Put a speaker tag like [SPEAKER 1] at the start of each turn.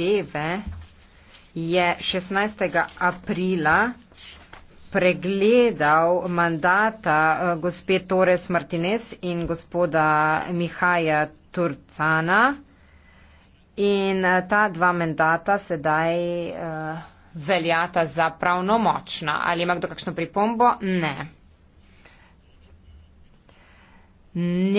[SPEAKER 1] zahteve je 16. aprila pregledal mandata eh, gospe Torres Martinez in gospoda Mihaja Turcana in eh, ta dva mandata sedaj uh, veljata za pravnomočna. Ali ima kdo kakšno pripombo? Ne. ne